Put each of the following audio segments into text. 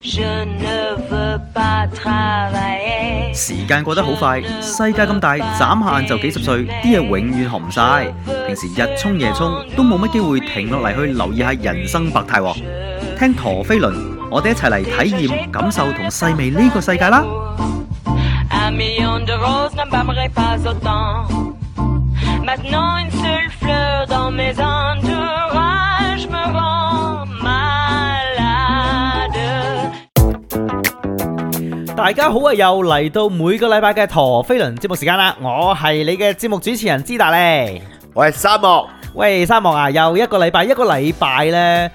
時間過得好快，世界咁大，眨下眼就幾十歲，啲嘢永遠學唔晒。平時日衝夜衝，都冇乜機會停落嚟去留意下人生百態喎。聽陀飛輪，我哋一齊嚟體驗、感受同細味呢個世界啦！大家好啊！又嚟到每個禮拜嘅陀飛輪節目時間啦，我係你嘅節目主持人之大利，我係沙漠，喂，沙漠啊！又一個禮拜，一個禮拜咧，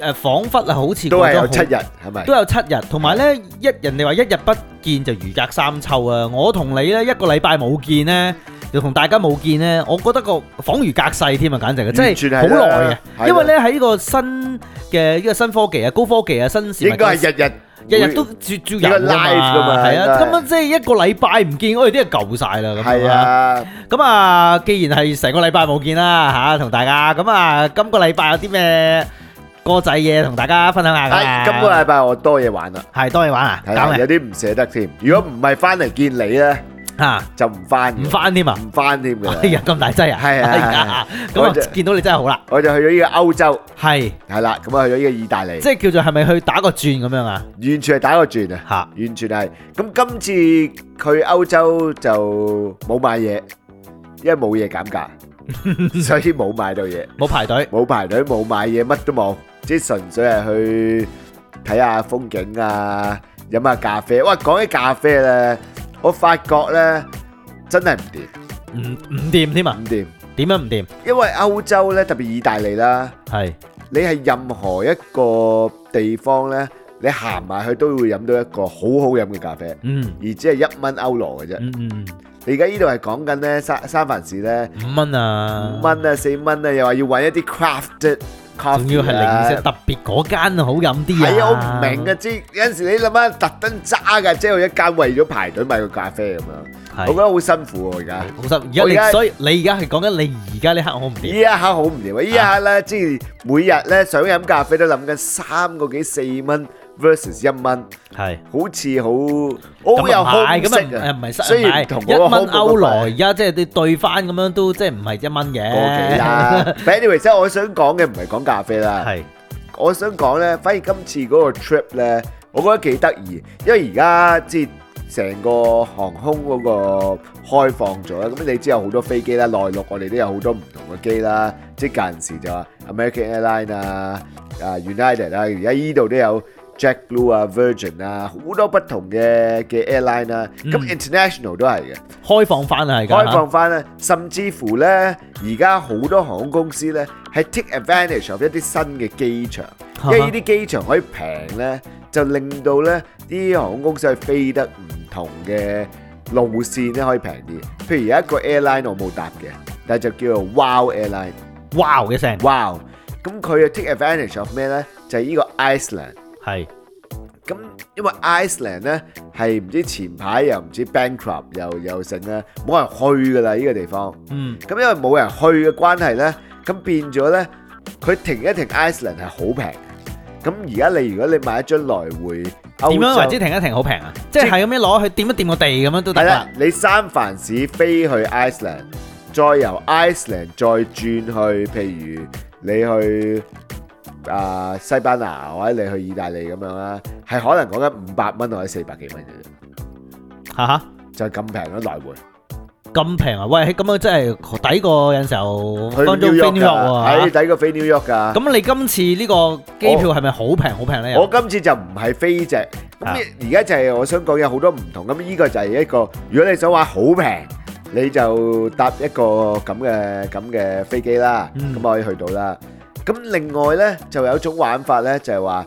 誒，仿佛啊，好似都係有七日係咪？都有七日，同埋咧，一，人哋話一日不見就如隔三秋啊！我同你咧一個禮拜冇見咧，又同大家冇見咧，我覺得個仿如隔世添啊！簡直啊，即係好耐嘅，因為咧喺呢個新嘅呢個新科技啊，高科技啊，新事物應該係日日。日日都接接人啊嘛，係啊，咁啊即係一個禮拜唔見，我哋啲人舊晒啦咁啊。咁啊，既然係成個禮拜冇見啦嚇，同大家咁啊，今個禮拜有啲咩歌仔嘢同大家分享下㗎？今個禮拜我多嘢玩啊，係多嘢玩啊，但係有啲唔捨得添。如果唔係翻嚟見你咧。啊！就唔翻，唔翻添啊！唔翻添嘅。哎呀，咁大劑啊！係啊，咁啊，見到你真係好啦。我就去咗呢個歐洲，係係啦，咁啊去咗呢個意大利，即係叫做係咪去打個轉咁樣啊？完全係打個轉啊！吓，完全係。咁今次去歐洲就冇買嘢，因為冇嘢減價，所以冇買到嘢，冇排隊，冇排隊，冇買嘢，乜都冇，即係純粹係去睇下風景啊，飲下咖啡。哇，講起咖啡咧～我發覺咧，真係唔掂，唔唔掂添啊，唔掂點啊唔掂，因為歐洲咧，特別意大利啦，係是你係任何一個地方咧，你行埋去都會飲到一個好好飲嘅咖啡，嗯，而只係一蚊歐羅嘅啫，嗯嗯，你而家呢度係講緊咧，三三藩市咧，五蚊啊，五蚊啊，四蚊啊，又話要揾一啲 craft 仲要係零食特別嗰間好飲啲啊！係啊，我唔明啊，即有陣時你諗下特登揸嘅，即係有一間為咗排隊買個咖啡咁樣！是我覺得好辛苦喎、啊，而家好辛苦。而家，所以你而家係講緊你而家呢刻，我唔掂。依一刻好唔掂啊！依一刻咧，即係每日咧想飲咖啡都諗緊三個幾四蚊。versus 一蚊，係好似好，咁又唔係咁啊，唔係失禮。雖然同一蚊歐羅，而家即係你對翻咁樣都即係唔係一蚊嘅。個幾啦。Anyway，即係我想講嘅唔係講咖啡啦，係我想講咧，反而今次嗰個 trip 咧，我覺得幾得意，因為而家即係成個航空嗰個開放咗啦，咁你知有好多飛機啦，內陸我哋都有好多唔同嘅機啦，即係隔陣時就話 American Airlines 啊、啊 United 啊，而家依度都有。Jack Blue 啊、Virgin 啊，好多不同嘅嘅 airline 啊，咁 international 都係嘅。開放翻啊，而家開放翻啦，甚至乎咧，而家好多航空公司咧係 take advantage of 一啲新嘅機場，因為呢啲機場可以平咧，就令到咧啲航空公司係飛得唔同嘅路線咧可以平啲。譬如有一個 airline 我冇搭嘅，但係就叫做 Wow airline，Wow 嘅聲，Wow。咁佢嘅 take advantage of 咩咧？就係呢個 Iceland。係，咁因為 Iceland 咧，係唔知前排又唔知 bankrupt 又又成咧，冇人去噶啦呢個地方。嗯，咁因為冇人去嘅關係咧，咁變咗咧，佢停一停 Iceland 係好平。咁而家你如果你買一張來回，點樣為之停一停好平啊？即係咁樣攞去掂一掂個地咁樣都得。係啦，你三藩市飛去 Iceland，再由 Iceland 再轉去，譬如你去。啊、呃，西班牙或者你去意大利咁樣啦，係可能講緊五百蚊或者四百幾蚊嘅啫。吓吓哈，就咁平咯，來回咁平啊？喂，咁啊真係抵過有陣時候飛紐約喎、啊，抵過飛紐約噶。咁、啊、你今次呢個機票係咪好平好平咧？我，呢我今次就唔係飛隻，咁而家就係我想講有好多唔同。咁呢個就係一個，如果你想話好平，你就搭一個咁嘅咁嘅飛機啦，咁、嗯、可以去到啦。咁另外咧，就有一種玩法咧，就係話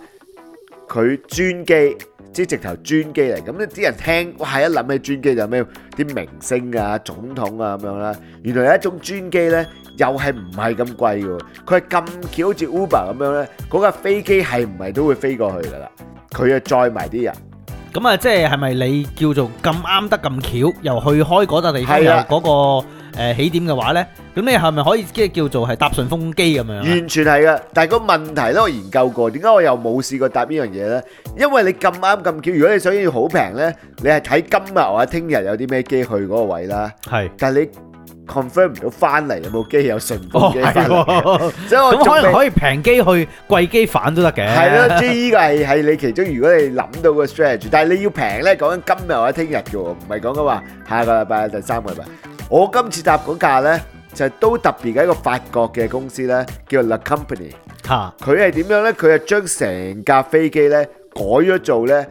佢專機，即係直頭專機嚟。咁咧啲人聽，哇！一諗起專機就咩？啲明星啊、總統啊咁樣啦。原來有一種專機咧，又係唔係咁貴嘅？佢係咁巧，好似 Uber 咁樣咧，嗰架飛機係唔係都會飛過去噶啦？佢啊載埋啲人。咁啊，即係係咪你叫做咁啱得咁巧，又去開嗰笪地方，係啊，嗰個？誒起點嘅話咧，咁你係咪可以即係叫做係搭順風機咁樣啊？完全係噶。但係個問題咧，我研究過點解我又冇試過搭呢樣嘢咧？因為你咁啱咁巧，如果你想要好平咧，你係睇今日或者聽日有啲咩機去嗰個位啦。係，但係你 confirm 唔到翻嚟有冇機有順風機翻嚟嘅。哦，係喎，咁可能可以平機去貴機返都得嘅。係咯，即係依個係係你其中，如果你諗到個 strategy，但係你要平咧，講緊今日或者聽日嘅喎，唔係講緊話下個禮拜第三個禮拜。我今次搭嗰架呢，就係都特別喺一個法國嘅公司呢，叫 La Company。嚇！佢係點樣呢？佢係將成架飛機呢改咗做呢，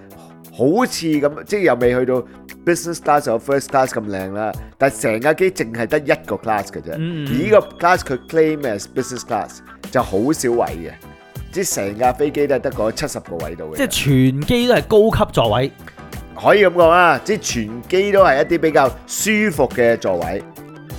好似咁，即係又未去到 Business Class 或 First Class 咁靚啦。但係成架機淨係得一個 Class 嘅啫。嗯。而呢個 Class 佢 claim as Business Class 就好少位嘅，即係成架飛機都係得嗰七十個位度嘅。即係全機都係高級座位。可以咁講啊，即係全機都係一啲比較舒服嘅座位，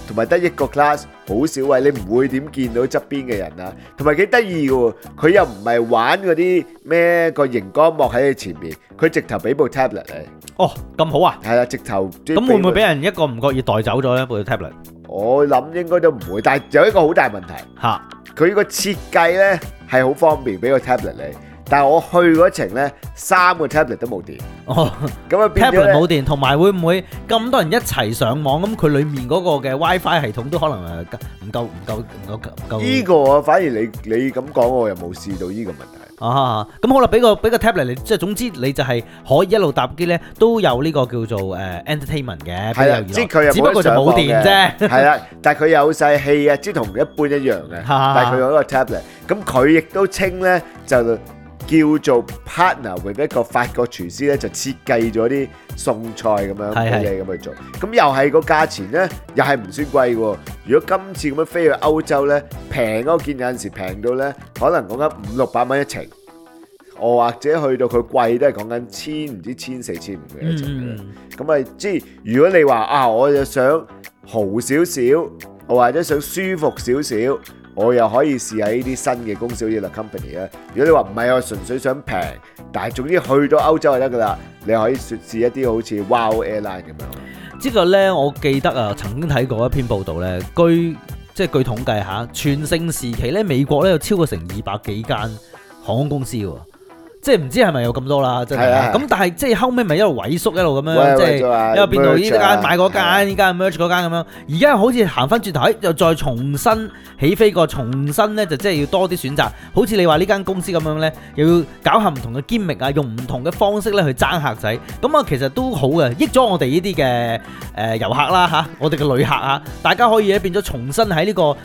同埋得一個 class，好少位，你唔會點見到側邊嘅人啊，同埋幾得意嘅喎，佢又唔係玩嗰啲咩個熒光幕喺你前面，佢直頭俾部 tablet 你。哦，咁好啊。係啊，直頭。咁會唔會俾人一個唔覺意袋走咗呢部 tablet？我諗應該都唔會，但係有一個好大問題。嚇！佢個設計呢係好方便，俾個 tablet 你。但係我去嗰程咧，三個 tablet 都冇電。哦，咁啊，tablet 冇電，同埋會唔會咁多人一齊上網咁？佢裡面嗰個嘅 WiFi 系統都可能誒唔夠、唔夠、唔夠、唔夠，依個啊，反而你你咁講，我又冇試到依個問題。啊，咁好啦，俾個俾個 tablet 你，即係總之你就係可以一路搭機咧，都有呢個叫做誒 entertainment 嘅，即係佢只不過就冇電啫。係啦，但係佢有細氣啊，即係同一般一樣嘅。但係佢有個 tablet，咁佢亦都稱咧就。叫做 partner，或者一個法國廚師咧就設計咗啲餸菜咁樣俾你咁去做，咁又係個價錢咧，又係唔算貴喎。如果今次咁樣飛去歐洲咧，平嗰件有陣時平到咧，可能講緊五六百蚊一程，哦，或者去到佢貴都係講緊千唔知千四千五嘅一程啦。咁啊，即係如果你話啊，我就想豪少少，或者想舒服少少。我又可以試下呢啲新嘅公司嘅啦，company 啦。如果你話唔係，我純粹想平，但係總之去到歐洲就得㗎喇。你可以試一啲好似 Wow Airline 咁樣。呢個咧，我記得啊，曾經睇過一篇報道咧，據即係據統計吓，全盛時期咧，美國咧有超過成二百幾間航空公司喎。即係唔知係咪有咁多啦，真係、啊。咁但係即係後尾咪一路萎縮，啊、一路咁樣，即係又變到呢間買嗰間，呢、啊、mer 間 merge 嗰間咁樣。而家、啊、好似行翻轉頭，又再重新起飛過，重新咧就即係要多啲選擇。好似你話呢間公司咁樣咧，又要搞下唔同嘅 gimmick 啊，用唔同嘅方式咧去爭客仔。咁啊，其實都好嘅，益咗我哋呢啲嘅誒遊客啦嚇，我哋嘅旅客嚇，大家可以咧變咗重新喺呢、呢個。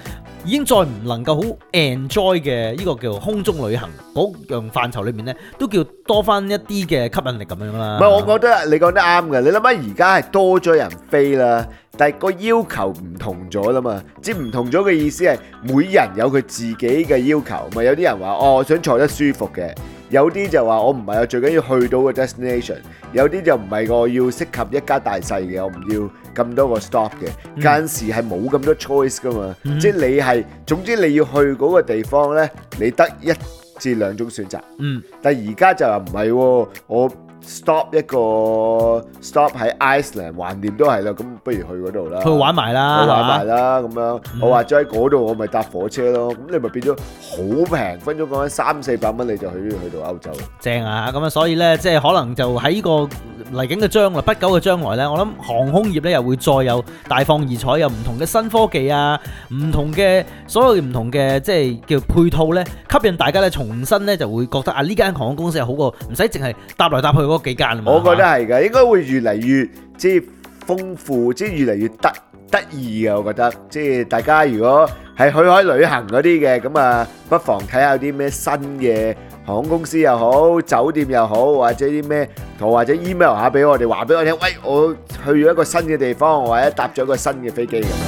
已經再唔能夠好 enjoy 嘅呢個叫空中旅行嗰樣範疇裏面呢，都叫多翻一啲嘅吸引力咁樣啦。唔係，我覺得你講得啱嘅。你諗下而家係多咗人飛啦，但係個要求唔同咗啦嘛。即唔同咗嘅意思係，每人有佢自己嘅要求。咪有啲人話哦，我想坐得舒服嘅。有啲就話我唔係我最緊要去到個 destination。有啲就唔係我要適合一家大細嘅，我唔要咁多個 stop 嘅。嗰陣時係冇咁多 choice 㗎嘛，嗯、即係你係總之你要去嗰個地方咧，你得一至兩種選擇。嗯，但係而家就話唔係喎，我。Stop 一個 Stop 喺 Iceland，橫掂都係啦，咁不如去嗰度啦，去玩埋啦，玩埋啦，咁樣我話再喺嗰度，我咪搭火車咯，咁你咪變咗好平，分鐘講緊三四百蚊，你就去去到歐洲。正啊，咁啊，所以咧，即係可能就喺呢個嚟緊嘅將來，不久嘅將來咧，我諗航空業咧又會再有大放異彩，有唔同嘅新科技啊，唔同嘅所有唔同嘅即係叫配套咧，吸引大家咧重新咧就會覺得啊呢間航空公司係好過唔使淨係搭來搭去個。我覺得係噶，應該會越嚟越即豐富，即係越嚟越得得意啊！我覺得，即係大家如果喺去海旅行嗰啲嘅，咁啊，不妨睇下有啲咩新嘅航空公司又好，酒店又好，或者啲咩圖，或者 email 下俾我哋，話俾我聽，喂，我去咗一個新嘅地方，或者搭咗一個新嘅飛機咁。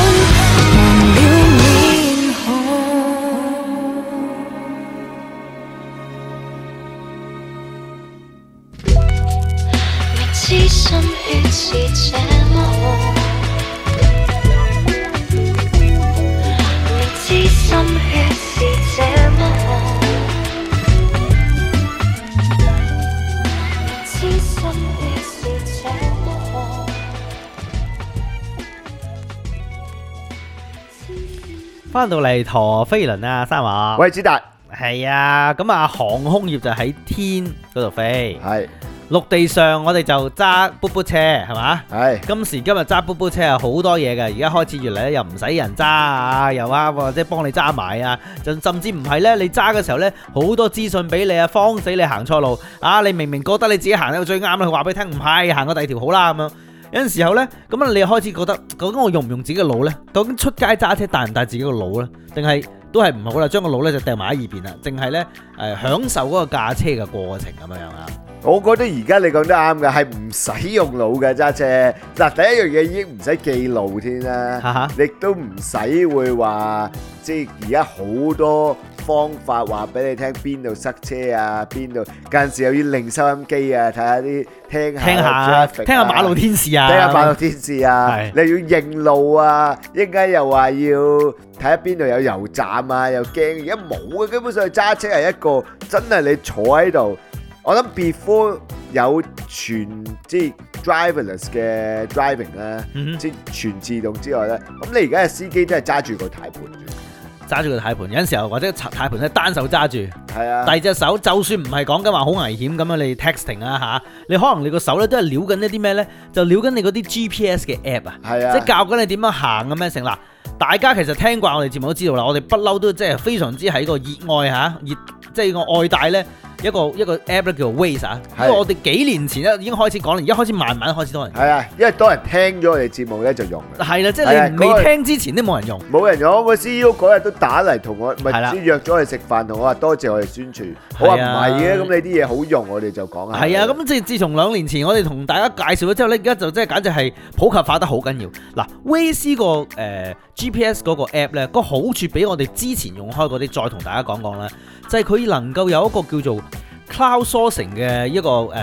翻到嚟陀飛輪啊，三華，喂，子達，係啊，咁啊航空業就喺天嗰度飛，係是陸地上我哋就揸 B B 車，係嘛？係是今時今日揸 B B 車係好多嘢嘅，而家開始越嚟咧又唔使人揸啊，又啊或者幫你揸埋啊，就甚至唔係咧，你揸嘅時候咧好多資訊俾你啊，慌死你行錯路啊！你明明覺得你自己行到最啱，佢話俾你聽唔係，行個第二條好啦咁樣。有陣時候咧，咁啊，你開始覺得，究竟我用唔用自己嘅腦咧？究竟出街揸車帶唔帶自己個腦咧？定係都係唔好啦，將個腦咧就掟埋喺耳邊啦，淨係咧誒享受嗰個駕車嘅過程咁樣樣啊！我覺得而家你講得啱嘅，係唔使用腦嘅揸車。嗱，第一樣嘢已經唔使記路添啦，你都唔使會話即係而家好多。方法話俾你聽邊度塞車啊，邊度間時又要零收音機啊，睇下啲聽下聽下聽下馬路天使啊，聽下馬路天使啊，你要認路啊，依家又話要睇下邊度有油站啊，又驚而家冇嘅，基本上揸車係一個真係你坐喺度，我諗 before 有全即 driverless 嘅 driving 咧，即全自動之外咧，咁你而家嘅司機真係揸住個軚盤。揸住個太盤，有陣時候或者拆太盤咧，單手揸住。係是啊。第二隻手就算唔係講緊話好危險咁樣，你 texting 啊嚇，你可能你個手咧都係撩緊一啲咩咧，就撩緊你嗰啲 GPS 嘅 app 是啊。係啊。即係教緊你點樣行咁樣成。嗱，大家其實聽慣我哋節目都知道啦，我哋不嬲都即係非常之喺個熱愛吓，熱即係個愛戴咧。就是一個一個 app 叫做 Waze，因為我哋幾年前咧已經開始講啦，而家開始慢慢開始多人。係啊，因為多人聽咗我哋節目咧就用。係啦的，即係的你未聽之前都冇人用，冇、那個、人，人用。我 CEO 嗰日都打嚟同我，咪的約咗嚟食飯，同我話多謝，謝我哋宣傳。好話唔係嘅，咁的你啲嘢好用，我哋就講啊的。係啊，咁即自自從兩年前我哋同大家介紹咗之後咧，而家就即係簡直係普及化得好緊要。嗱，Waze 個誒。GPS 嗰個 app 咧，個好處比我哋之前用開嗰啲，再同大家講講啦，就係佢能夠有一個叫做 cloud sourcing 嘅一個誒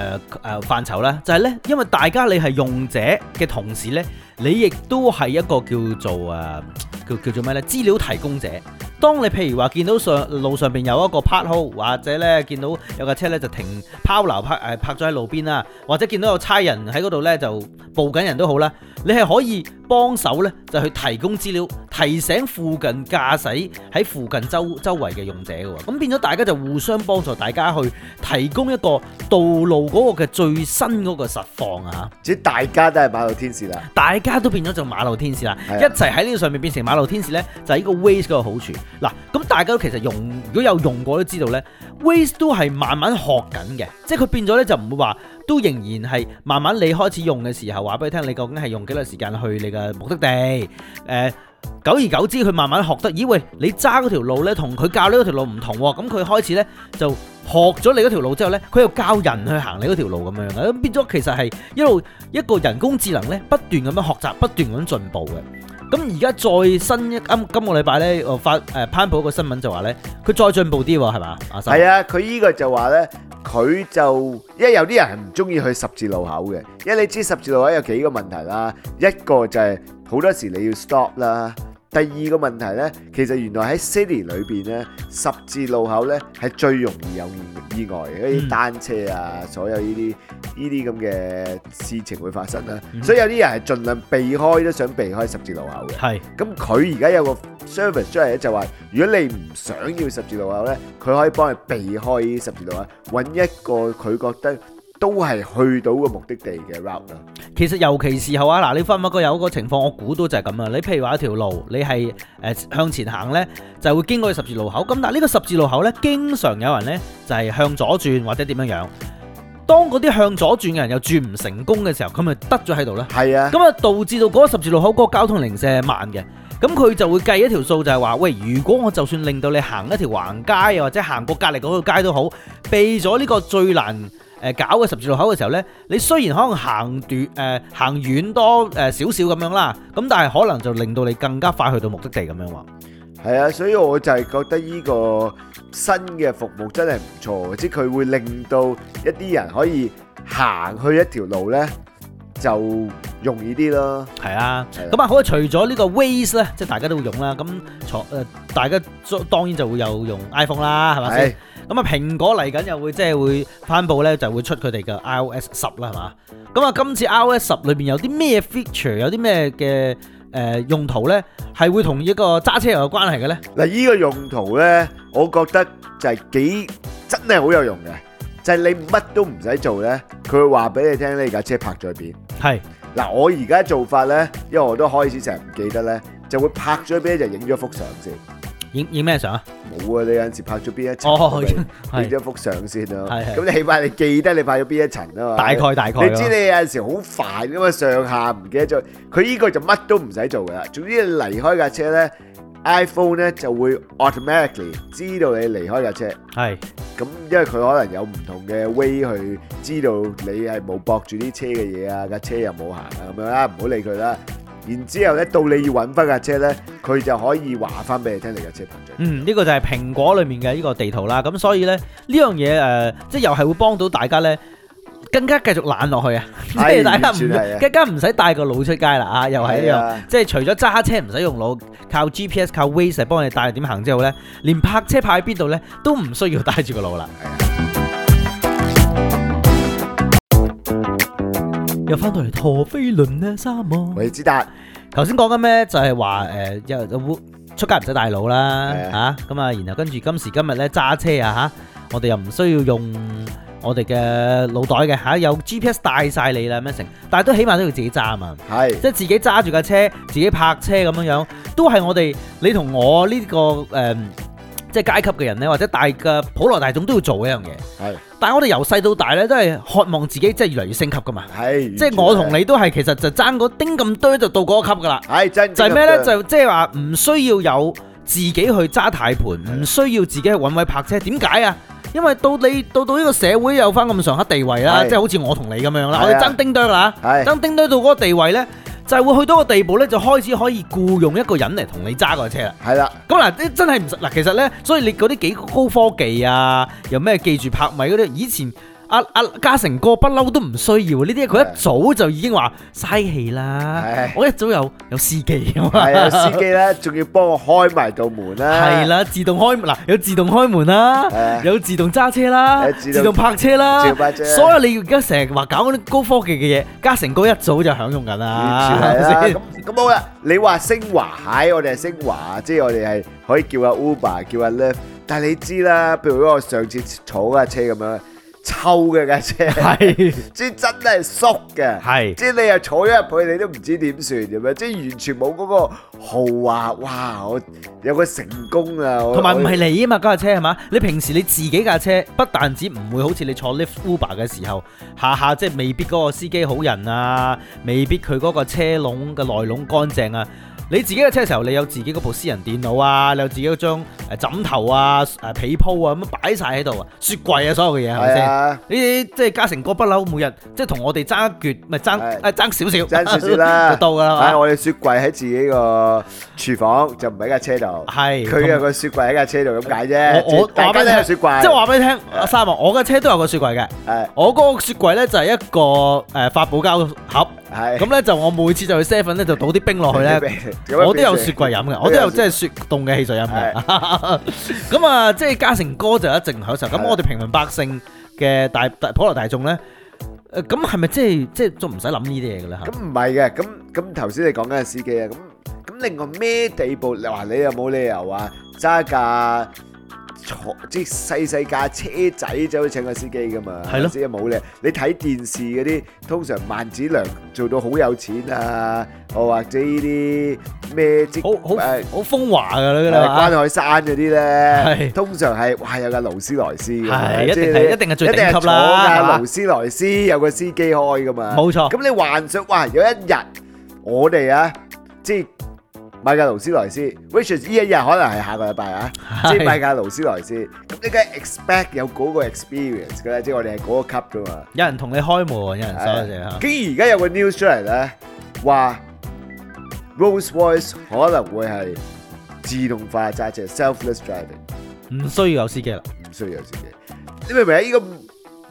誒範疇啦，就係咧，因為大家你係用者嘅同時咧，你亦都係一個叫做誒、呃、叫叫做咩咧資料提供者。當你譬如話見到上路上邊有一個 pot hole，或者咧見到有架車咧就停拋留拍誒拍咗喺路邊啦，或者見到有差人喺嗰度咧就報緊人都好啦，你係可以幫手咧就去提供資料，提醒附近駕駛喺附近周周圍嘅用者嘅，咁變咗大家就互相幫助，大家去提供一個道路嗰個嘅最新嗰個實況啊即大家都係馬路天使啦，大家都變咗做馬路天使啦，的一齊喺呢個上面變成馬路天使咧，就係、是、呢個 Waze 嘅好處。嗱，咁大家其實用如果有用過都知道呢 Waze 都係慢慢學緊嘅，即係佢變咗呢，就唔會話，都仍然係慢慢你開始用嘅時候，話俾你聽你究竟係用幾耐時間去你嘅目的地，誒、呃，久而久之佢慢慢學得，咦喂，你揸嗰條路呢同佢教你嗰條路唔同，咁、嗯、佢開始呢，就學咗你嗰條路之後呢，佢又教人去行你嗰條路咁樣嘅，咁變咗其實係一路一個人工智能呢，不斷咁樣學習，不斷咁進步嘅。咁而家再新一今今個禮拜咧，我發誒、呃、潘普一個新聞就話咧，佢再進步啲係嘛？阿生？係啊，佢呢個就話咧，佢就因為有啲人係唔中意去十字路口嘅，因為你知十字路口有幾個問題啦，一個就係好多時你要 stop 啦。第二個問題呢，其實原來喺 City 裏邊呢，十字路口呢係最容易有意外嘅，啲、嗯、單車啊，所有呢啲呢啲咁嘅事情會發生啦、啊。嗯、所以有啲人係盡量避開都想避開十字路口嘅。係是，咁佢而家有個 service 出嚟咧，就話如果你唔想要十字路口呢，佢可以幫你避開十字路口，揾一個佢覺得。都係去到個目的地嘅 route 其實尤其時候啊，嗱，你分乜分個有一個情況，我估到就係咁啊。你譬如話一條路，你係誒向前行呢，就會經過十字路口。咁但係呢個十字路口呢，經常有人呢，就係向左轉或者點樣樣。當嗰啲向左轉嘅人又轉唔成功嘅時候，咁咪得咗喺度咧。係啊，咁啊導致到嗰個十字路口嗰個交通零舍慢嘅。咁佢就會計一條數，就係話喂，如果我就算令到你行一條橫街，又或者行過隔籬嗰個街都好，避咗呢個最難。誒搞個十字路口嘅時候呢，你雖然可能行短誒行遠多誒少少咁樣啦，咁但係可能就令到你更加快去到目的地咁樣喎。係啊，所以我就係覺得呢個新嘅服務真係唔錯，即係佢會令到一啲人可以行去一條路呢，就容易啲咯。係啊，咁啊，嗯、好啊，除咗呢個 Waze 呢，即係大家都會用啦，咁坐誒大家當然就會有用 iPhone 啦，係咪？咁啊、嗯，蘋果嚟緊又會即係會翻布咧，就會出佢哋嘅 iOS 十啦，係嘛？咁啊，今次 iOS 十裏邊有啲咩 feature，有啲咩嘅誒用途咧，係會同一個揸車有關係嘅咧？嗱，依個用途咧，我覺得就係幾真係好有用嘅，就係、是、你乜都唔使做咧，佢會話俾你聽呢架車泊咗邊。係嗱是、嗯，我而家做法咧，因為我都開始成日唔記得咧，就會停止停止泊咗邊就影咗幅相先。影影咩相啊？冇啊！你有陣時拍咗邊一層？哦，影咗幅相先囉。咁你是起碼你記得你拍咗邊一層啊嘛？大概大概。你知你有陣時好煩噶嘛？上下唔記得咗。佢依個就乜都唔使做噶啦。總之你離開架車咧，iPhone 咧就會 automatically 知道你離開架車。係是。咁因為佢可能有唔同嘅 way 去知道你係冇駁住啲車嘅嘢啊，架車又冇行啊咁樣啦，唔好理佢啦。然之後咧，到你要揾翻架車咧，佢就可以話翻俾你聽你架車位置。嗯，呢、這個就係蘋果裡面嘅呢個地圖啦。咁所以咧，呢樣嘢誒，即係又係會幫到大家咧，更加繼續懶落去啊！哎、即係大家唔，更加唔使帶個腦出街啦啊！又係呢樣，的即係除咗揸車唔使用腦，靠 GPS 靠 Waze 幫你帶點行之後咧，連泊車泊喺邊度咧都唔需要帶住個腦啦。又翻到嚟陀飛輪咧，啊，三望。我知達，頭先講緊咩？就係話誒，又出街唔使帶腦啦嚇，咁是的 啊，然後跟住今時今日咧揸車啊吓，我哋又唔需要用我哋嘅腦袋嘅吓，啊，有 GPS 帶晒你啦，咩成？但係都起碼都要自己揸啊嘛，係，是的 即係自己揸住架車，自己泊車咁樣樣，都係我哋你同我呢，這個誒。呃即係階級嘅人咧，或者大嘅普羅大眾都要做一樣嘢。係是，但係我哋由細到大咧，都係渴望自己即係越嚟越升級㗎嘛。係，即係我同你都係其實就爭嗰丁咁堆就到嗰個級㗎喇。係，就係咩咧？就即係話唔需要有自己去揸大盤，唔的需要自己去揾位泊車。點解啊？因為到你到到呢個社會有返咁上克地位啦，的即係好似我同你咁樣啦，的我哋爭丁堆啦，爭的丁堆到嗰個地位咧。就會去到個地步咧，就開始可以僱用一個人嚟同你揸個車啦。係啦是的，咁嗱，啲真係唔實。嗱，其實咧，所以你嗰啲幾高科技啊，又咩記住拍咪嗰啲，以前。阿阿嘉誠哥不嬲都唔需要呢啲，佢一早就已經話嘥氣啦。係，我一早有有司機啊，係啊司機啦，仲要幫我開埋道門啦。係啦，自動開，嗱有自動開門啦，有自動揸車啦，自動泊車啦，車車所有你而家成日話搞嗰啲高科技嘅嘢，嘉誠哥一早就享用緊啦，咁好啦，你話升華，蟹，我哋係升華，即係我哋係可以叫阿 Uber，叫阿 Lyft，但係你知啦，譬如我上次坐架車咁樣。抽嘅架車，係，即係真係縮嘅，係，即係你又坐咗入去，你都唔知點算嘅咩？即係完全冇嗰個豪華，哇！我有個成功啊，同埋唔係你啊嘛，嗰架車係嘛？你平時你自己架車，不但止唔會好似你坐 Lyft Uber 嘅時候，下下即係未必嗰個司機好人啊，未必佢嗰個車籠嘅內籠乾淨啊。你自己嘅車嘅時候，你有自己嗰部私人電腦啊，你有自己嗰張枕頭啊、誒被鋪啊咁擺晒喺度啊，雪櫃啊所有嘅嘢係咪先？你即係嘉誠哥不嬲每日即係同我哋爭一撅，咪爭誒爭少少，爭少少啦就到㗎啦嘛。係我哋雪櫃喺自己個廚房就，就唔喺架車度。係佢有，個、嗯、有個雪櫃喺架車度咁解啫。我我即係話俾你聽，即係話俾你聽，阿三啊，我嘅車都有個雪櫃嘅。係我嗰個雪櫃咧就係一個誒發泡膠盒，盒。係咁咧，就我每次就去 seven 咧，就倒啲冰落去咧，我都有雪櫃飲嘅，我都有即係雪凍嘅汽水飲嘅。咁啊，即係嘉誠哥就一定有享受。咁我哋平民百姓嘅大普羅大眾咧，咁係咪即係即係仲唔使諗呢啲嘢噶啦？咁唔係嘅，咁咁頭先你講緊司機啊，咁咁另外咩地步？你話你有冇理由話揸架？坐即細細架車仔，走去請個司機噶嘛？係咯，即係冇咧。你睇電視嗰啲，通常萬梓良做到好有錢啊，或或者呢啲咩即係好好好風華噶啦，關海山嗰啲咧，是通常係哇有架勞斯萊斯嘅，係一係一定係最頂級啦，坐架勞斯萊斯有個司機開噶嘛，冇錯。咁你幻想哇有一日我哋啊即係。買架勞斯萊斯，which is 依一日可能係下個禮拜啊，即係買架勞斯萊斯，咁點解 expect 有嗰個 experience 嘅咧？即係我哋係嗰個級噶嘛？有人同你開門，有人收嘢吓。竟然而家有個 news 出嚟咧，話 Rolls Royce 可能會係自動化揸車，selfless driving，唔需要有司機啦，唔需要有司機。你明唔明啊？依個？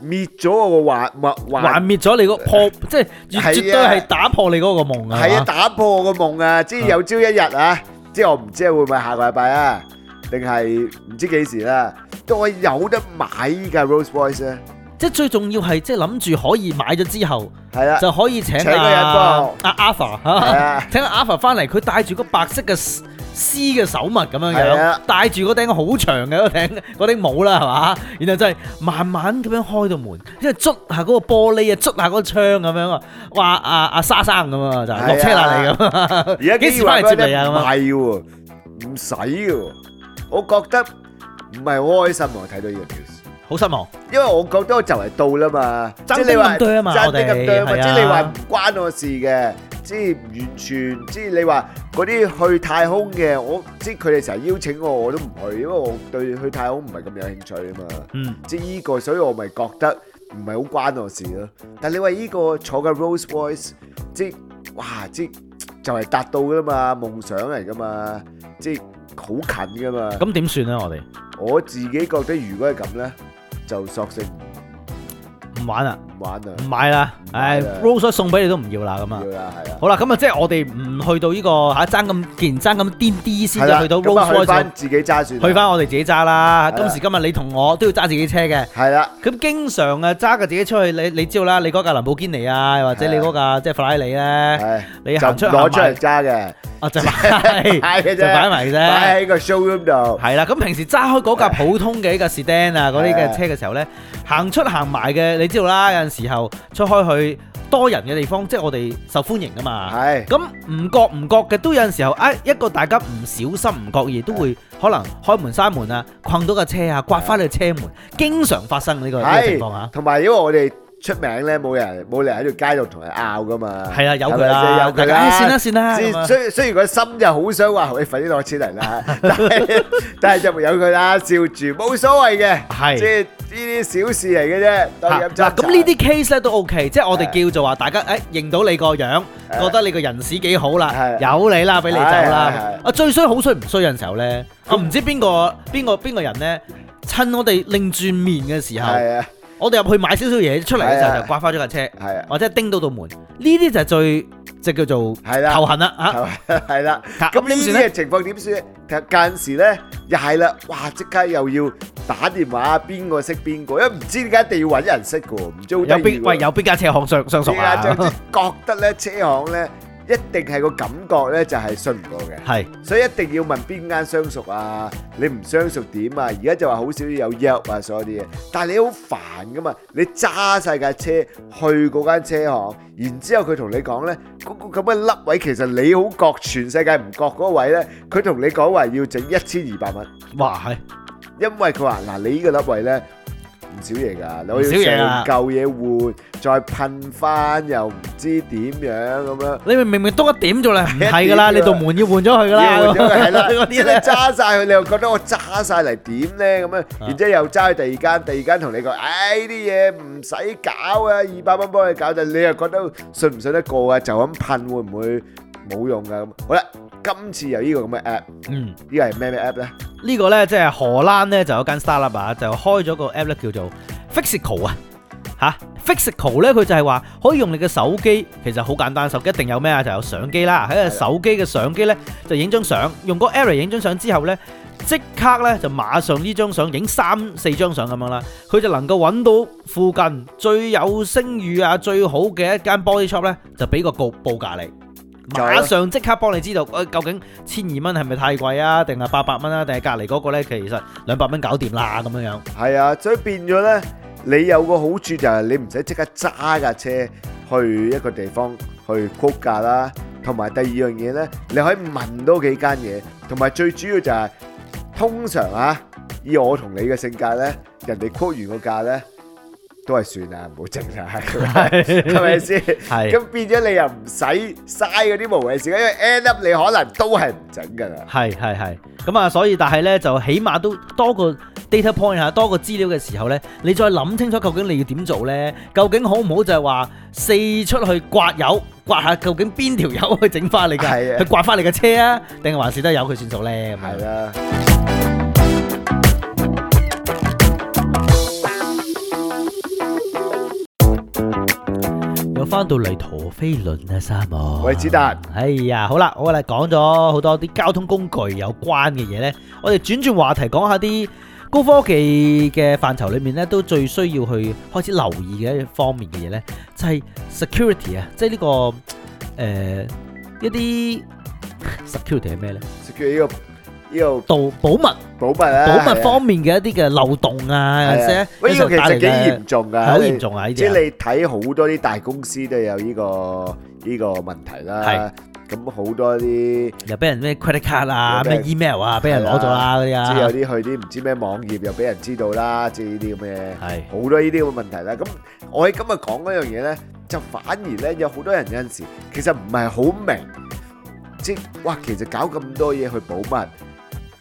滅咗我個環物環滅咗你個破，即係絕對係打破你嗰個夢啊！係啊的，吧打破個夢啊！即係有朝一日啊！嗯、即係我唔知係會唔會下個禮拜啊，定係唔知幾時啦？都可以有得買呢架 Rose Boys 啊！即係最重要係，即係諗住可以買咗之後，係啊的，就可以請請阿阿阿阿 fa 啊，請阿阿 fa 翻嚟，佢帶住個白色嘅。師嘅手物咁樣樣，戴住個頂好長嘅個頂個頂帽啦，係嘛？然後就係慢慢咁樣開到門，因為捉下嗰個玻璃啊，捽下嗰個窗咁樣啊，哇！阿阿莎生咁啊，啊就落、是、車啦你咁，幾、啊、 時翻嚟接你啊？咁啊，係唔使嘅，我覺得唔係開心啊！睇到呢個 n 好失望，因為我覺得我就嚟到啦嘛，爭啲咁多啊嘛，我哋們，或者你話唔關我的事嘅。即係完全，即係你話嗰啲去太空嘅，我即係佢哋成日邀請我，我都唔去，因為我對去太空唔係咁有興趣啊嘛。嗯，即係依個，所以我咪覺得唔係好關我事咯。但你話依個坐緊 Rolls Royce，即係哇，即係就係達到噶嘛，夢想嚟噶嘛，即係好近噶嘛。咁點算咧？我哋我自己覺得，如果係咁咧，就索性唔玩啦。唔買啦，誒，Rose 送俾你都唔要啦，咁啊，好啦，咁啊，即係我哋唔去到呢個爭咁，既然爭咁啲啲先至去到 Rose 開上，自己揸住，去翻我哋自己揸啦，今時今日你同我都要揸自己車嘅，係啦，咁經常啊揸架自己出去，你你知道啦，你嗰架林寶堅尼啊，或者你嗰架即係法拉利啊，你行出攞出嚟揸嘅。啊，就擺，就擺埋嘅啫，擺喺個 showroom 度。係啦，咁平時揸開嗰架普通嘅一架 sedan 啊，嗰啲嘅車嘅時候咧，行出行埋嘅，你知道啦，有陣時候出開去多人嘅地方，即係我哋受歡迎㗎嘛。係。咁唔覺唔覺嘅，都有陣時候啊，一個大家唔小心唔覺意，都會可能開門閂門啊，困到架車啊，刮翻你車門，經常發生呢個情況啊。同埋因為我哋。出名咧，冇人冇理由喺條街度同人拗噶嘛，係啊，有佢啦，有佢啦，算啦算啦。雖雖然佢心就好想話你快啲落錢嚟啦，但係但係就有佢啦，笑住冇所謂嘅，即係呢啲小事嚟嘅啫。咁呢啲 case 咧都 OK，即係我哋叫做話大家誒認到你個樣，覺得你個人史幾好啦，有你啦，俾你走啦。啊，最衰好衰唔衰嘅時候咧，我唔知邊個邊個邊個人咧趁我哋擰轉面嘅時候，我哋入去買少少嘢出嚟嘅時候就刮花咗架車，的或者叮到到門，呢啲就最即叫做頭痕啦吓，係啦的。咁呢啲情況點算？間 時咧又係啦，哇！即刻又要打電話，邊個識邊個，因為唔知點解一定要搵人識嘅，唔知有邊喂有邊間車行相相熟啊？覺得咧車行咧。 一定係個感覺咧，就係信唔過嘅。係，所以一定要問邊間相熟啊！你唔相熟點啊？而家就話好少有約啊，所有啲嘢。但係你好煩噶嘛！你揸晒架車去嗰間車行，然之後佢同你講咧，嗰咁嘅凹位其實你好覺，全世界唔覺嗰位咧，佢同你講話要整一千二百蚊。哇係，因為佢話嗱，你個呢個凹位咧。唔少嘢噶，我要上舊嘢換，再噴翻又唔知點樣咁樣。你明明多一點咗啦，係噶啦，你度門要換咗佢噶啦，係啦嗰啲。揸晒佢，你又覺得我揸晒嚟點咧？咁樣，然之後又揸去第二間，第二間同你講，哎啲嘢唔使搞啊，二百蚊幫佢搞就。你又覺得信唔信得過啊？就咁噴會唔會冇用噶？咁好啦。今次有呢個咁嘅 app，嗯，呢個係咩咩 app 呢？呢個呢，即係荷蘭呢，就有一間 startup 就開咗個 app 咧，叫做 Fixico 啊，吓 Fixico 呢，佢就係話可以用你嘅手機，其實好簡單，手機一定有咩啊？就有相機啦，喺個的手機嘅相機呢，就影張相，用個 app 影張相之後呢，即刻呢，就馬上呢張相影三四張相咁樣啦，佢就能夠揾到附近最有聲譽啊、最好嘅一間 body shop 呢，就俾個告報價你。馬上即刻幫你知道，誒究竟千二蚊係咪太貴啊？定係八百蚊啊？定係隔離嗰個咧，其實兩百蚊搞掂啦咁樣樣。係啊，所以變咗呢，你有個好處就係你唔使即刻揸架車去一個地方去 quote 價啦。同埋第二樣嘢呢，你可以問多幾間嘢。同埋最主要就係，通常啊，以我同你嘅性格呢，人哋 quote 完個價呢。都係算啊，唔好整就係，係咪先？ 係咁 是變咗你又唔使嘥嗰啲無謂事，因為 end up 你可能都係唔整噶啦。係係係，咁啊，所以但係咧就起碼都多個 data point 下，多個資料嘅時候咧，你再諗清楚究竟你要點做咧？究竟好唔好就係話四出去刮油，刮下究竟邊條油去整翻嚟㗎？的去刮翻你嘅車啊？定還是都係由佢算數咧？咁啊的～ 又翻到嚟陀飛輪啊，三毛，喂，子達。哎呀，好啦，我哋講咗好多啲交通工具有關嘅嘢咧，我哋轉轉話題，講下啲高科技嘅範疇裏面咧，都最需要去開始留意嘅一方面嘅嘢咧，就係、是、security 啊、這個，即、呃、係呢個誒一啲 security 係咩咧？呢度保密、保密啊！保密方面嘅一啲嘅漏洞啊，即係呢，呢個其實幾嚴重噶，好嚴重啊！呢啲即係你睇好多啲大公司都有呢個呢個問題啦。係咁好多啲又俾人咩 credit card 啊、咩 email 啊俾人攞咗啦嗰啲啊。即係有啲去啲唔知咩網頁又俾人知道啦，即係呢啲咁嘅係好多呢啲咁嘅問題啦。咁我喺今日講嗰樣嘢咧，就反而咧有好多人有陣時其實唔係好明，即係哇，其實搞咁多嘢去保密。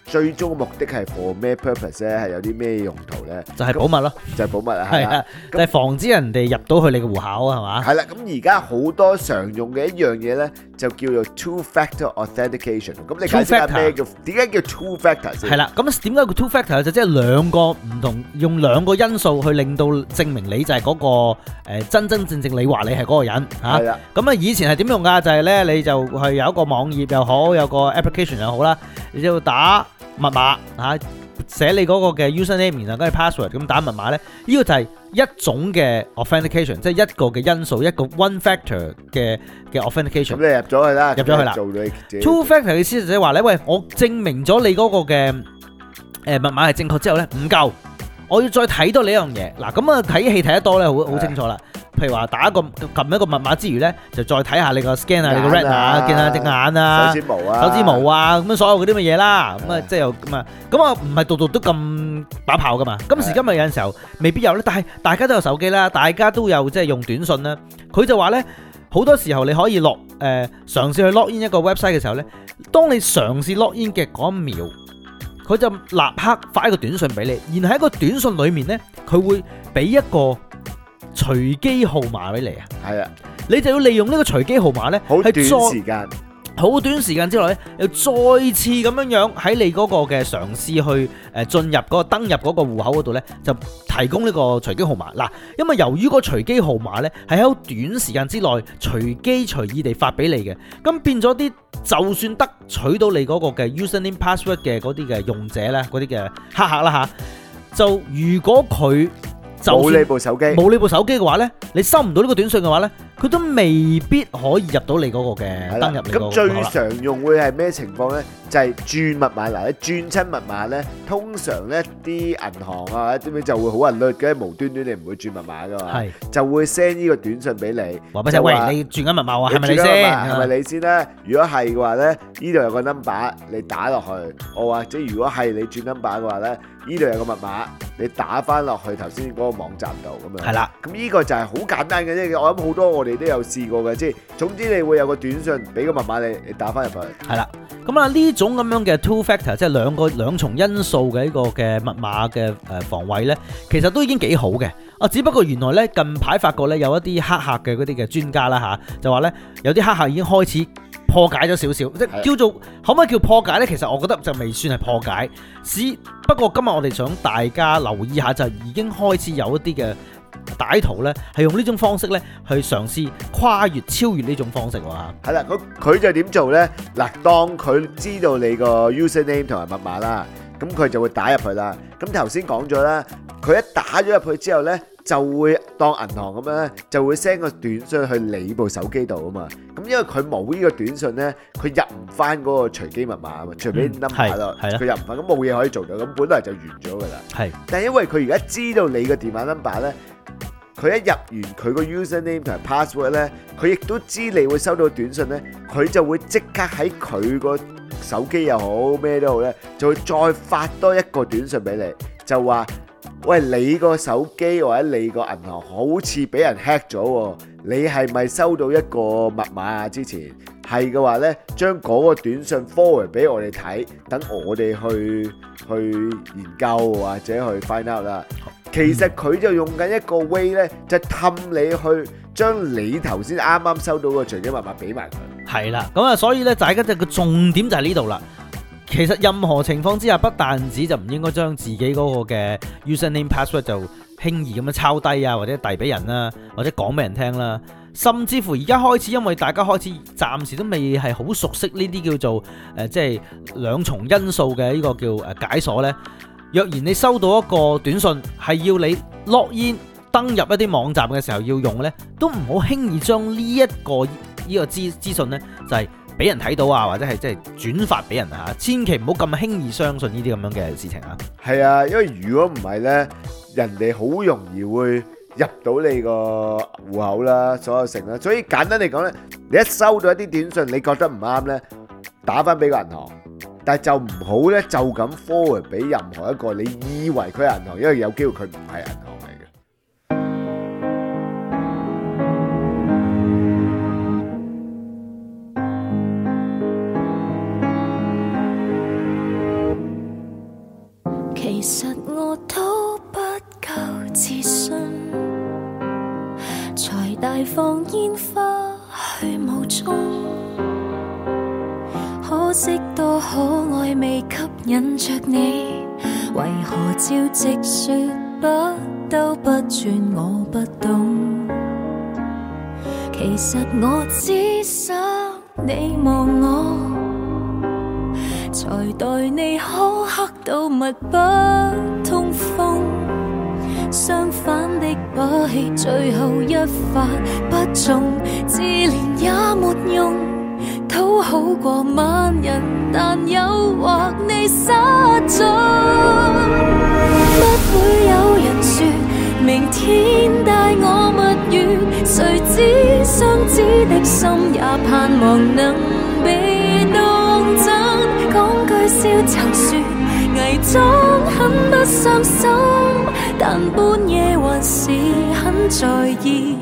最終目的係 for 咩 purpose 咧？係有啲咩用途咧？就係保密咯，就係保密啊！係啊，但係防止人哋入到去你嘅戶口啊，係嘛？係啦。咁而家好多常用嘅一樣嘢咧，就叫做 two-factor authentication。咁你講下咩叫？點解叫 two-factor？係啦。咁點解個 two-factor 就即係兩個唔同，用兩個因素去令到證明你就係嗰個誒真真正正你話你係嗰個人嚇。係啦。咁啊，以前係點用㗎？就係咧，你就係有一個網頁又好，有個 application 又好啦，你要打。密碼啊，寫你嗰個嘅 user name 啊，跟住 password，咁打密碼咧，呢個就係一種嘅 authentication，即係一個嘅因素，一個 one factor 嘅嘅 authentication。咁你入咗去啦，入咗去啦。Two factor 嘅意思就係話咧，喂，我證明咗你嗰個嘅誒密碼係正確之後咧，唔夠，我要再睇多你一樣嘢。嗱，咁啊睇戲睇得多咧，好好清楚啦。譬如話打一個撳一個密碼之餘咧，就再睇下你個 scan 啊，你個 retina 見下隻眼啊，na，眼啊手指毛啊，手指毛啊，咁樣所有嗰啲乜嘢啦，咁啊唉即係又咁啊，咁啊唔係度度都咁把炮噶嘛。今時今日有陣時候未必有咧，但係大家都有手機啦，大家都有即係用短信啦。佢就話咧，好多時候你可以落誒嘗試去 log in 一個 website 嘅時候咧，當你嘗試 log in 嘅嗰一秒，佢就立刻發一個短信俾你，然後喺個短信裏面咧，佢會俾一個。隨機號碼俾你啊，係啊的，你就要利用個隨機呢個隨機號碼呢，好短時間，好短時間之內咧，又再次咁樣樣喺你嗰個嘅嘗試去誒進入嗰、嗰個登入個戶口嗰度呢，就提供呢個隨機號碼。嗱，因為由於個隨機號碼呢係喺短時間之內隨機隨意地發俾你嘅，咁變咗啲就算得取到你嗰個嘅 user name password 嘅嗰啲嘅用者呢，嗰啲嘅黑客啦吓，就如果佢。冇你部手機，冇你部手機嘅話咧，你收唔到呢個短信嘅話咧。佢都未必可以入到你嗰個嘅，登入你個咁最常用會係咩情況咧？就係轉密碼嗱，你轉親密碼咧，通常咧啲銀行啊點樣就會好律嘅，無端端你唔會轉密碼嘅嘛，係就會 send 呢個短信俾你。話俾你聽，喂你轉緊密碼啊，係咪你先？係咪你先咧？如果係嘅話咧，呢度有個 number，你打落去。我話即係如果係你轉 number 嘅話咧，呢度有個密碼，你打翻落去頭先嗰個網站度咁樣。係啦，咁呢個就係好簡單嘅啫，我諗好多我。你都有試過嘅，即係總之你會有個短信俾個密碼你，你打翻入去。係啦，咁啊呢種咁樣嘅 two factor，即係兩個兩重因素嘅一個嘅密碼嘅誒防衞呢，其實都已經幾好嘅。啊，只不過原來呢，近排發覺呢有一啲黑客嘅嗰啲嘅專家啦嚇，就話呢，有啲黑客已經開始破解咗少少，即叫做可唔可以叫破解呢？其實我覺得就未算係破解。只不過今日我哋想大家留意下，就已經開始有一啲嘅。歹徒咧係用呢種方式咧去嘗試跨越超越呢種方式喎。嚇，係啦、嗯，佢佢就點做咧？嗱，當佢知道你個 user name 同埋密碼啦，咁佢就會打入去啦。咁頭先講咗啦，佢一打咗入去之後咧。就會當銀行咁樣咧，就會 send 個短訊去你部手機度啊嘛。咁因為佢冇呢個短訊咧，佢入唔翻嗰個隨機密碼啊嘛，隨便 number 咯，佢入唔翻，咁冇嘢可以做到，咁本來就完咗噶啦。係，但係因為佢而家知道你個電話 number 咧，佢一入完佢個 user name 同 password 咧，佢亦都知你會收到短訊咧，佢就會即刻喺佢個手機又好咩都好咧，就會再發多一個短訊俾你，就話。喂，你個手機或者你個銀行好似俾人 hack 咗喎？你係咪收到一個密碼啊？之前係嘅話咧，將嗰個短信 forward 俾我哋睇，等我哋去去研究或者去 find out 啦。其實佢就用緊一個 way 咧，就氹你去將你頭先啱啱收到個隨機密碼俾埋佢。係啦，咁啊，所以咧，大家就個重點就喺呢度啦。其實任何情況之下，不但止就唔應該將自己嗰個嘅 user name password 就輕易咁樣抄低啊，或者遞俾人啦，或者講俾人聽啦。甚至乎而家開始，因為大家開始暫時都未係好熟悉呢啲叫做誒、呃，即係兩重因素嘅呢個叫誒解鎖呢。若然你收到一個短信係要你 lock in 登入一啲網站嘅時候要用要、這個這個、呢，都唔好輕易將呢一個呢個資資訊呢就係、是。俾人睇到啊，或者係即係轉發俾人啊，千祈唔好咁輕易相信呢啲咁樣嘅事情啊。係啊，因為如果唔係呢，人哋好容易會入到你個戶口啦，所有成啦。所以簡單嚟講呢，你一收到一啲短信，你覺得唔啱呢，打翻俾個銀行。但係就唔好呢，就咁 forward 俾任何一個你以為佢係銀行，因為有機會佢唔係銀行。排放煙花去無蹤，可惜多可愛未吸引着你，為何照直説不兜不轉？我不懂，其實我只想你望我，才待你好黑到密不通風。相反的把戲，最後一發不中，自憐也沒用，討好過萬人，但誘惑你失蹤。 不會有人説，明天帶我蜜月，誰知相知的心也盼望能被當真。講 句笑談説，偽裝很不傷心。但半夜還是很在意，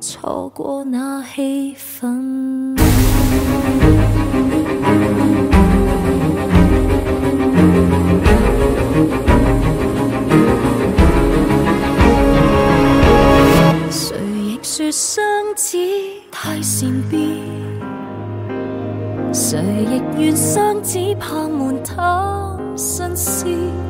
錯過那氣氛。誰亦説雙子太善變，誰亦怨雙子怕悶貪新鮮。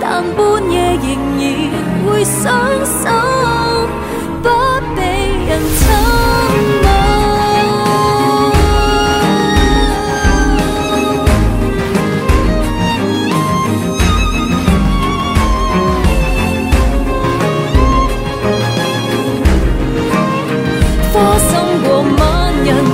但半夜仍然會傷心，不被人親吻。花心 過萬人。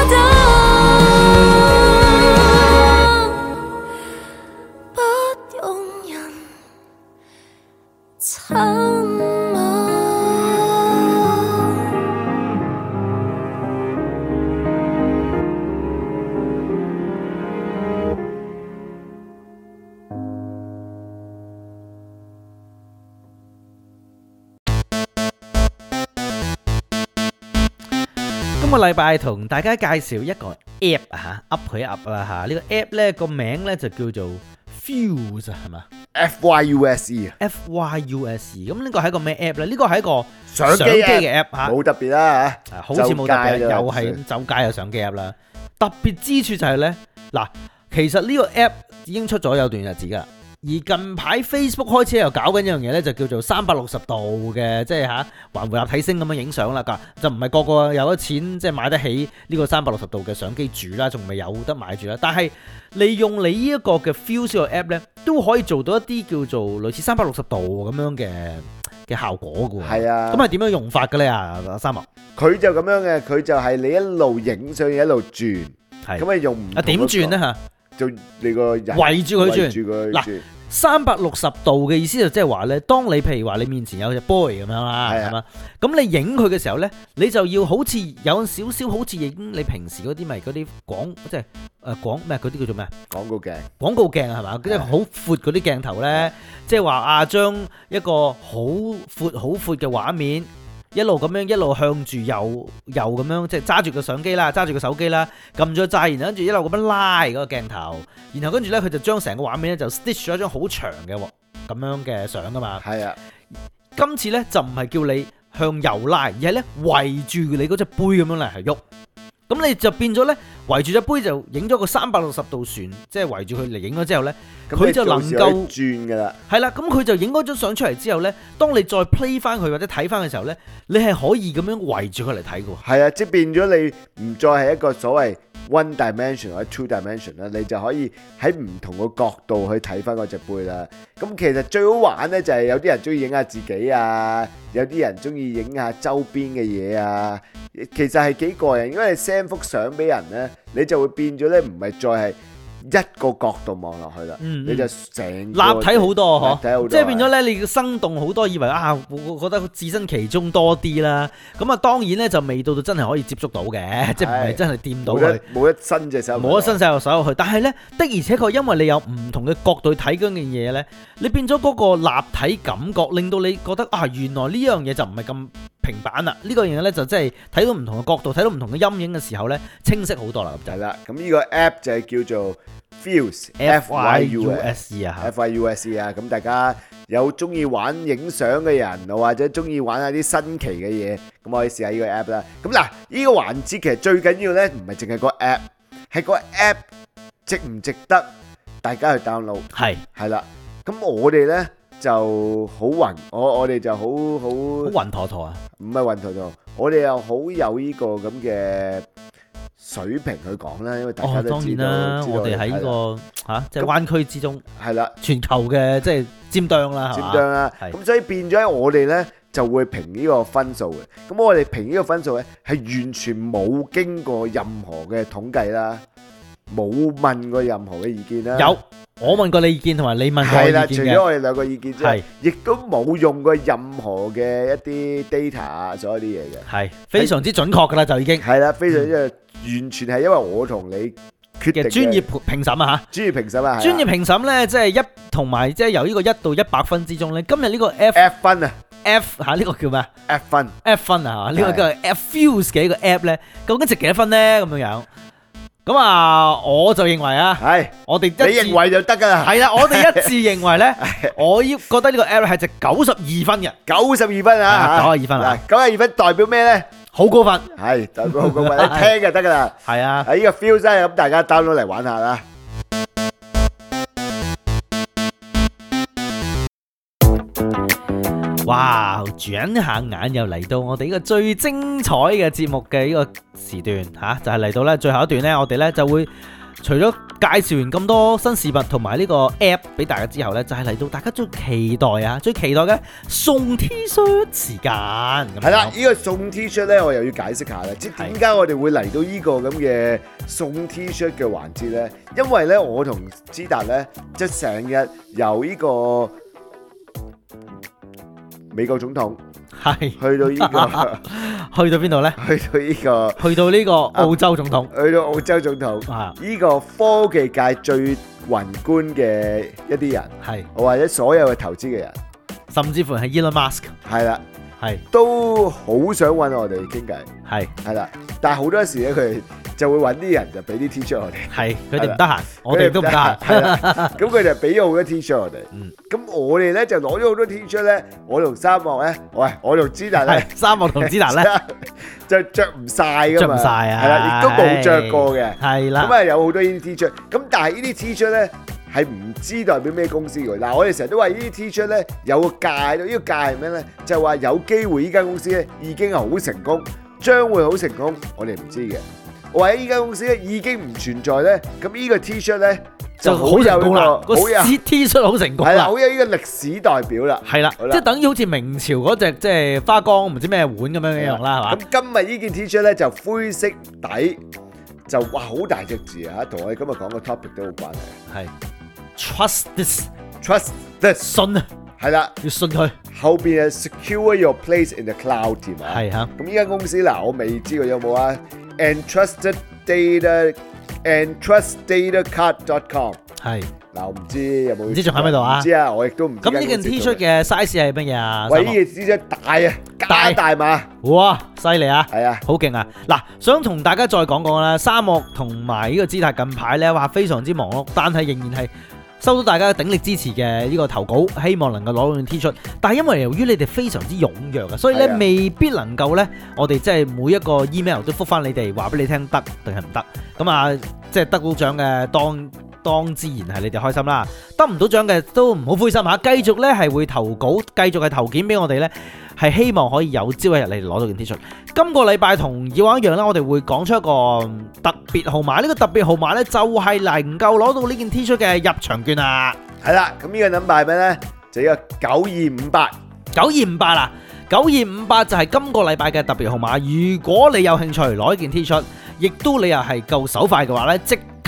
禮拜同大家介紹一個 app 啊 up 佢 up 啦嚇，呢、啊這個 app 咧個名咧就叫做 Fuse 係咪嘛？F Y U S E，F Y U S E，咁、啊、呢、這個係一個咩 app 咧？呢、這個係一個相機嘅 app 嚇、啊，冇特別啦嚇，好似冇特別，又係走街嘅相機 app 啦。特別之處就係、是、咧，嗱、啊，其實呢個 app 已經出咗有段日子㗎。而近排 Facebook 開始又搞緊一樣嘢，呢就叫做三百六十度嘅，即係嚇，環迴立體聲咁樣影相啦。噶就唔係個個有得錢，即係買得起呢個三百六十度嘅相機住啦，仲未有得買住啦。但係利用你呢一個嘅 Fusion App 呢，都可以做到一啲叫做類似三百六十度咁樣嘅嘅效果嘅。係啊，咁係點樣用法嘅呢？啊，阿三佢就咁樣嘅，佢就係你一路影相嘅一路轉，係咁啊用唔啊點轉咧嚇就你個人圍住佢，轉住佢，嗱三百六十度嘅意思就即係話咧，當你譬如話你面前有隻波嚟咁樣啦，係嘛？咁你影佢嘅時候咧，你就要好似有少少好似影你平時嗰啲咪嗰啲廣即係誒廣咩嗰啲叫做咩廣告鏡？廣告鏡係嘛？即係好闊嗰啲鏡頭咧，即係話啊，將一個好闊好闊嘅畫面。一路咁樣，一路向住右右咁樣，即係揸住個相機啦，揸住個手機啦，撳咗掣，然後跟住一路咁樣拉嗰個鏡頭，然後跟住咧，佢就將成個畫面咧就 stitch 咗一張好長嘅咁樣嘅相噶嘛。係啊是的，今次咧就唔係叫你向右拉，而係咧圍住你嗰隻杯咁樣嚟喐。咁你就變咗咧，圍住隻杯就影咗個三百六十度旋，即係圍住佢嚟影咗之後咧，佢、嗯、就能夠轉噶啦。係啦，咁佢就影嗰張相出嚟之後咧，當你再 play 翻佢或者睇翻嘅時候咧，你係可以咁樣圍住佢嚟睇嘅喎。係啊，即係變咗你唔再係一個所謂。One dimension 或者 two dimension 啦，你就可以喺唔同嘅角度去睇翻嗰隻杯啦。咁其實最好玩咧就係有啲人中意影下自己啊，有啲人中意影下周邊嘅嘢啊。其實係幾過癮，因為你 send 幅相俾人咧，你就會變咗咧，唔係再係。一個角度望落去啦，嗯嗯你就成立體好多嗬，啊、麼即係變咗咧，你嘅生動好多，以為啊，我我覺得置身其中多啲啦。咁啊，當然咧就未到到真係可以接觸到嘅，是即係唔係真係掂到佢冇一伸隻手,新手，冇一伸手入手入去。但係咧的而且確，因為你有唔同嘅角度睇嗰樣嘢咧，你變咗嗰個立體感覺，令到你覺得啊，原來呢樣嘢就唔係咁。平板啦，呢個嘢咧就真係睇到唔同嘅角度，睇到唔同嘅陰影嘅時候咧，清晰好多啦。係啦，咁呢個 app 就係叫做 Fyuse，F Y U S E 啊，F Y U S E 啊，咁大家有中意玩影相嘅人，或者中意玩下啲新奇嘅嘢，咁可以試下呢個 app 啦。咁嗱，呢個環節其實最緊要咧，唔係淨係個 app，係個 app 值唔值得大家去 download。係，係啦，咁我哋咧。就好混，我我哋就好好混坨坨啊，唔係混坨坨，我哋又好有呢個咁嘅水平去講啦，因為大家都知道，哦、知道我哋喺呢個嚇即係灣區之中，係啦那，的全球嘅即係尖端啦，係嘛的？尖端啦，咁的所以變咗我哋咧就會評呢個分數嘅，咁我哋評呢個分數咧係完全冇經過任何嘅統計啦。冇問過任何嘅意見啦，有我問過你意見同埋你問過我意見嘅，係啦，除咗我哋兩個意見之外，係亦都冇用過任何嘅一啲 data 啊，所有啲嘢嘅，係非常之準確噶啦，就已經係啦，非常之完全係因為我同你嘅專業評審啊嚇，專業評審啦，專業評審咧即係一同埋即係由呢個一到一百分之中咧，今日呢個 FF 分啊，F 嚇呢個叫咩啊？F 分 F 分啊嚇，呢個叫 Fuse 嘅呢個 app 咧，究竟值幾多分咧？咁樣樣。咁啊，那我就認為啊是，係我哋你認為就得噶啦，係啦，我哋一致認為呢，我要覺得呢個 L r r 值九十二分嘅，九十二分啊，九十二分九廿二分代表咩呢？好高分，係代表好高分，你聽就得噶啦，係啊，係呢個 feel 啫，咁大家 download 嚟玩下啦。哇！轉下眼又嚟到我哋呢個最精彩嘅節目嘅呢個時段嚇，就係嚟到呢最後一段呢，我哋呢就會除咗介紹完咁多新事物同埋呢個 app 俾大家之後呢，就係嚟到大家最期待啊、最期待嘅送 T-shirt 時間。係啦，呢個送 T-shirt 呢，我又要解釋下喇，即點解我哋會嚟到呢個咁嘅送 T-shirt 嘅環節呢？因為呢，我同知達呢，即成日由呢個。美國總統係是去到呢、這個， 去到邊度咧？去到呢個，去到呢個澳洲總統、嗯。去到澳洲總統，呢的個科技界最宏觀嘅一啲人，我的或者所有嘅投資嘅人，甚至乎係 Elon Musk，係啦，係的的都好想搵我哋傾偈，係，係啦，但係好多時咧，佢哋。就會揾啲人就俾啲 T 恤我哋，係佢哋唔得閒，我哋都唔得閒。咁佢哋就俾咗好多 T 恤我哋。咁我哋咧就攞咗好多 T 恤咧。我同三望咧，喂，我同芝達咧，三望同芝達咧就著唔曬噶嘛，唔曬呀，係啦，亦都冇著過嘅，係啦。咁啊有好多呢啲 T 恤，咁但係呢啲 T 恤咧係唔知代表咩公司嘅嗱。我哋成日都話呢啲 T 恤咧有個界，呢個界係咩咧？就話有機會呢間公司咧已經係好成功，將會好成功。我哋唔知嘅。或者呢間公司咧已經唔存在咧，咁呢個 T-shirt 咧就好有個好有 T-shirt 好成功，係啦，好有呢個歷史代表啦，係啦，即係等於好似明朝嗰隻即係花崗唔知咩碗咁樣嘅樣啦，係嘛？咁今日呢件 T-shirt 咧就灰色底，就哇好大隻字啊，同我哋今日講嘅 topic 都好關係。係，Trust this，Trust this，信啊，係啦，要信佢後邊啊，secure your place in the cloud，係嘛？係啊，咁呢間公司嗱，我未知佢有冇啊。Entrust Datacard and Entrust Datacard.com 係嗱，我唔知有冇？你仲喺咩度啊？唔知啊，我亦都唔知。咁呢件 T 恤嘅 size 係乜嘢啊？唯一嘅只大啊，大大碼。哇！犀利啊！係啊，好勁啊！嗱，想同大家再講講啦，沙漠同埋呢個姿態近排咧話非常之忙碌，但係仍然係。收到大家嘅鼎力支持嘅呢個投稿，希望能夠攞到 T-shirt，但係因為由於你哋非常之踴躍嘅，所以咧未必能夠咧，我哋即係每一個 email 都覆返你哋，話俾你聽得定係唔得，咁啊，即係得獎嘅當。當自然係你哋開心啦，得唔到獎嘅都唔好灰心吓，繼續咧，係會投稿，繼續係投件俾我哋咧，係希望可以有朝一日你哋攞到件 T 恤。今個禮拜同以往一樣啦，我哋會講出一個特別號碼，呢個特別號碼咧就係能夠攞到呢件 T 恤嘅入場券啊！係啦，咁呢個 number 係咩咧？就一個九二五八，九二五八啦，九二五八就係今個禮拜嘅特別號碼。如果你有興趣攞呢件 T 恤，亦都你又係夠手快嘅話咧，即